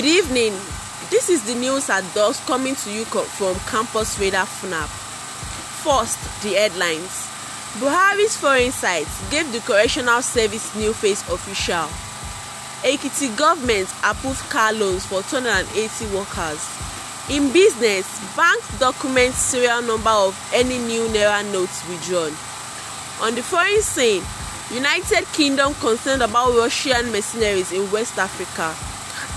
Good evening. This is the news at dusk coming to you from Campus Radar FNAP. First, the headlines. Buhari's foreign sites gave the correctional service new face official. Ekiti government approved car loans for 280 workers. In business, banks document serial number of any new naira notes withdrawn. On the foreign scene, United Kingdom concerned about Russian mercenaries in West Africa.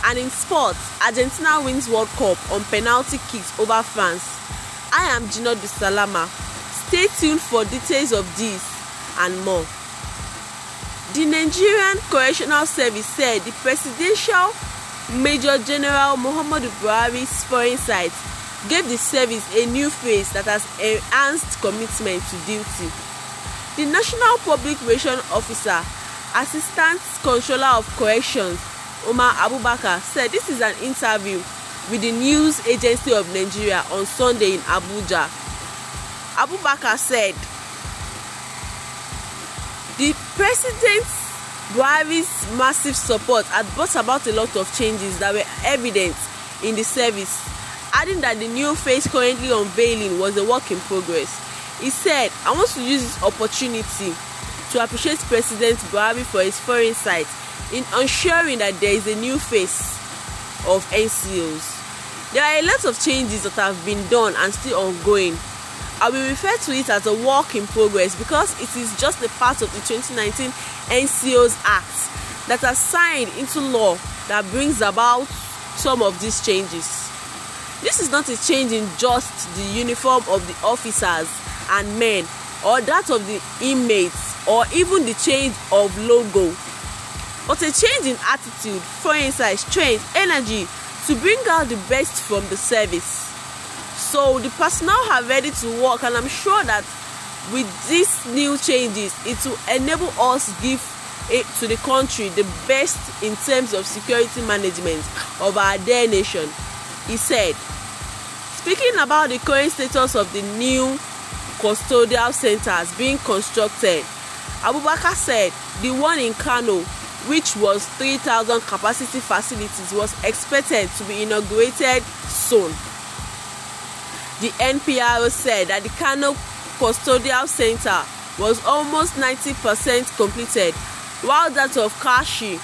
And in sports, Argentina wins World Cup on penalty kicks over France. I am Gino Salama. Stay tuned for details of this and more. The Nigerian Correctional Service said the presidential Major General Muhammadu Buhari's foreign sites gave the service a new face that has enhanced commitment to duty. The National Public Relations Officer, Assistant Controller of Corrections, Omar Abubakar said this is an interview with the News Agency of Nigeria on Sunday in Abuja. Abubakar said, The President Buhari's massive support had brought about a lot of changes that were evident in the service, adding that the new face currently unveiling was a work in progress. He said, I want to use this opportunity to appreciate President Buhari for his foreign sight in ensuring that there is a new face of NCOs. There are a lot of changes that have been done and still ongoing. I will refer to it as a work in progress because it is just a part of the 2019 NCOs Act that are signed into law that brings about some of these changes. This is not a change in just the uniform of the officers and men or that of the inmates or even the change of logo but a change in attitude, for size, strength, energy to bring out the best from the service. So the personnel are ready to work, and I'm sure that with these new changes, it will enable us give it to the country the best in terms of security management of our dear nation, he said. Speaking about the current status of the new custodial centers being constructed, Abubakar said the one in Kano which was 3,000 capacity facilities, was expected to be inaugurated soon. The NPRO said that the Kano Custodial Center was almost 90% completed, while that of Kashi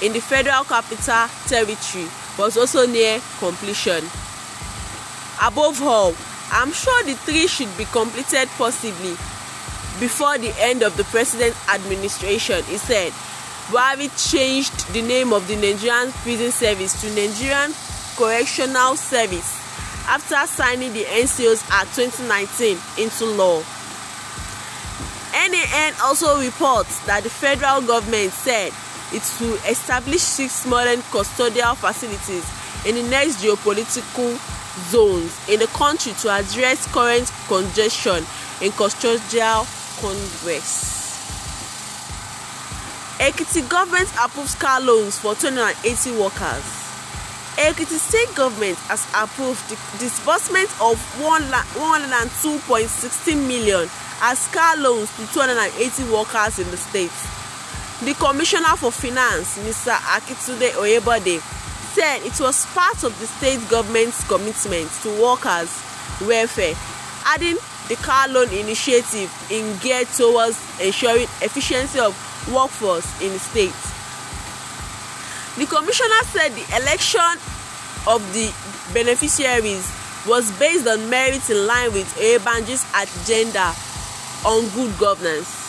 in the Federal Capital Territory was also near completion. Above all, I'm sure the three should be completed possibly before the end of the president's administration, he said. Buhari changed the name of the Nigerian Prison Service to Nigerian Correctional Service after signing the NCOs Act 2019 into law. NAN also reports that the federal government said it will establish six modern custodial facilities in the next geopolitical zones in the country to address current congestion in custodial congress. Ekiti government approves car loans for 280 workers. Ekiti state government has approved the disbursement of 102.16 million as car loans to 280 workers in the state. The Commissioner for Finance, Mr. Akitude Oyebode, said it was part of the state government's commitment to workers' welfare, adding the car loan initiative in geared towards ensuring efficiency of workforce in the state. The commissioner said the election of the beneficiaries was based on merit in line with Oyebanji's agenda on good governance.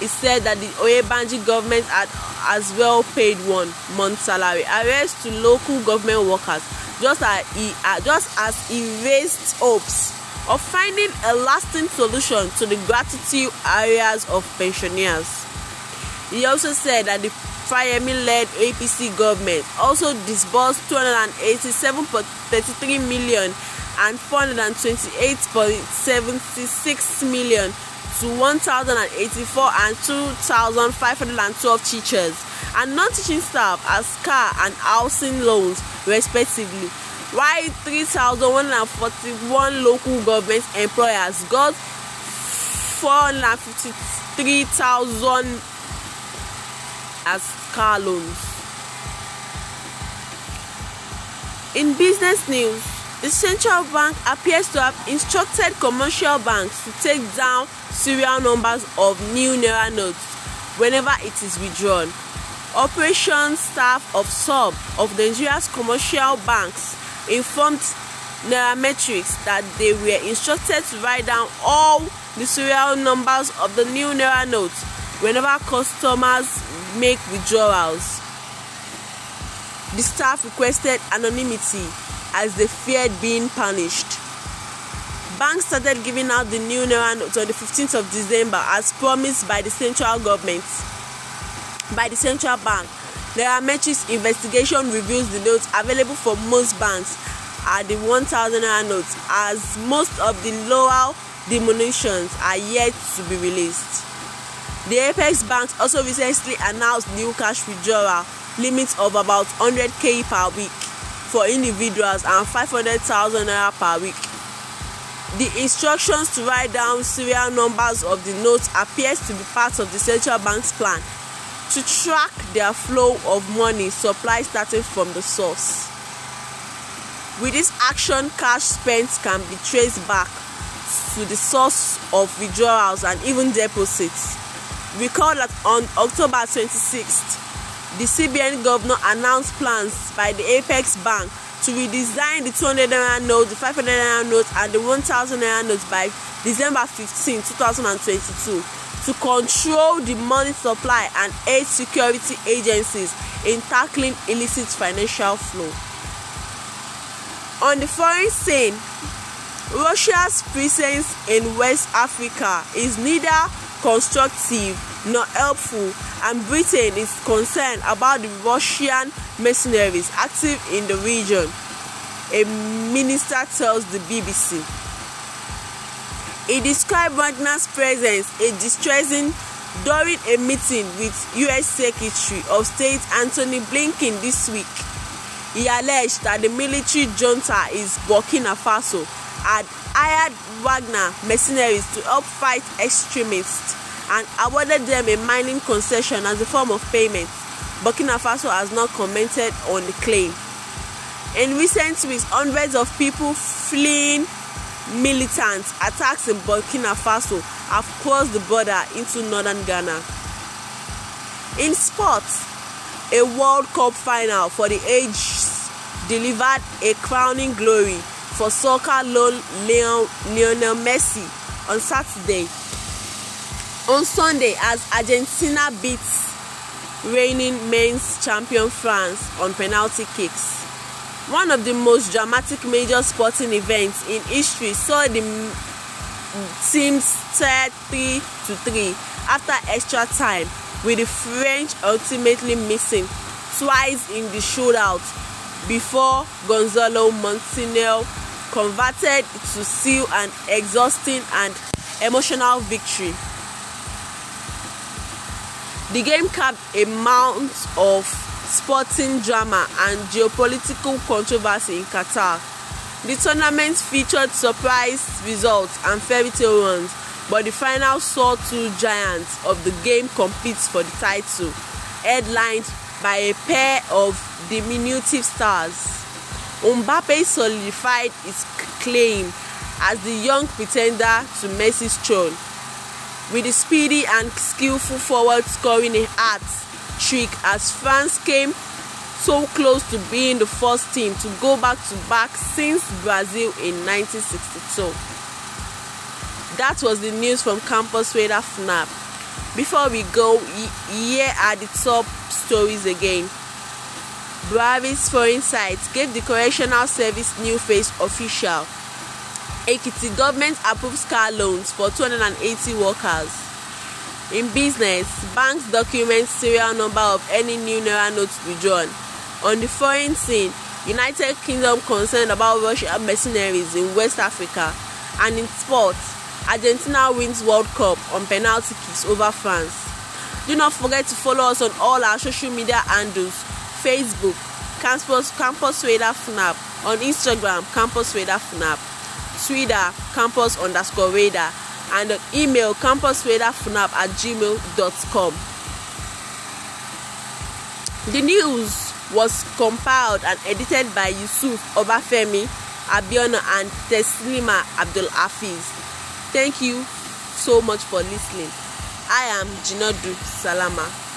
He said that the Oyebanji government had as well paid one month salary arrest to local government workers just as he, uh, just as he raised hopes of finding a lasting solution to the gratitude areas of pensioners. He also said that the Fayemi led APC government also disbursed 287.33 million and 428.76 million to 1,084 and 2,512 teachers and non-teaching staff as car and housing loans respectively while 3,141 local government employers got 453,000 as car loans. In business news, the central bank appears to have instructed commercial banks to take down serial numbers of new naira notes whenever it is withdrawn. Operation staff of SOB of Nigeria's commercial banks informed Metrics that they were instructed to write down all the serial numbers of the new naira notes whenever customers make withdrawals. The staff requested anonymity as they feared being punished. Banks started giving out the new naira notes on the 15th of December as promised by the central government. By the central bank, Nairametrics investigation reveals the notes available for most banks are the 1000 naira notes as most of the lower denominations are yet to be released. The Apex Bank also recently announced new cash withdrawal limits of about 100k per week for individuals and 500,000 naira per week. The instructions to write down serial numbers of the notes appears to be part of the central bank's plan to track their flow of money supply starting from the source. With this action, cash spent can be traced back to the source of withdrawals and even deposits. Recall that on October 26th, the CBN governor announced plans by the Apex Bank to redesign the 200 naira note, the 500 naira note, and the 1000 naira note by December 15, 2022, to control the money supply and aid security agencies in tackling illicit financial flow. On the foreign scene, Russia's presence in West Africa is neither constructive nor helpful and Britain is concerned about the Russian mercenaries active in the region, a minister tells the BBC. He described Wagner's presence as distressing during a meeting with US Secretary of State Antony Blinken this week. He alleged that the military junta in Burkina Faso had hired Wagner mercenaries to help fight extremists and awarded them a mining concession as a form of payment. Burkina Faso has not commented on the claim. In recent weeks, hundreds of people fleeing militant attacks in Burkina Faso have crossed the border into northern Ghana. In sports, a World Cup final for the age delivered a crowning glory for soccer Lionel Messi on Saturday. On Sunday, as Argentina beats reigning men's champion France on penalty kicks. One of the most dramatic major sporting events in history saw the teams three to 3 after extra time, with the French ultimately missing twice in the shootout before Gonzalo Montenegro converted to seal an exhausting and emotional victory. The game capped a mount of sporting drama and geopolitical controversy in Qatar. The tournament featured surprise results and fairy tale runs, but the final saw two giants of the game compete for the title, headlined by a pair of diminutive stars. Mbappe solidified his claim as the young pretender to Messi's throne with a speedy and skillful forward scoring a hat trick as France came so close to being the first team to go back to back since Brazil in 1962. That was the news from Campus Radar FNAP. Before we go, here are the top stories again. Buhari's foreign sites gave the correctional service new face official. Ekiti government approves car loans for 280 workers. In business, banks document serial number of any new naira notes withdrawn. On the foreign scene, United Kingdom concerned about Russian mercenaries in West Africa, and in sports, Argentina wins World Cup on penalty kicks over France. Do not forget to follow us on all our social media handles Facebook, Campus, Campus Radar FNAP, on Instagram, Campus Radar FNAP, Twitter, Campus underscore radar, and on email, Campus at gmail.com. The news was compiled and edited by Yusuf Obafemi Abiona and Teslima Abdul Afiz. Thank you so much for listening. I am Jinodu Salama.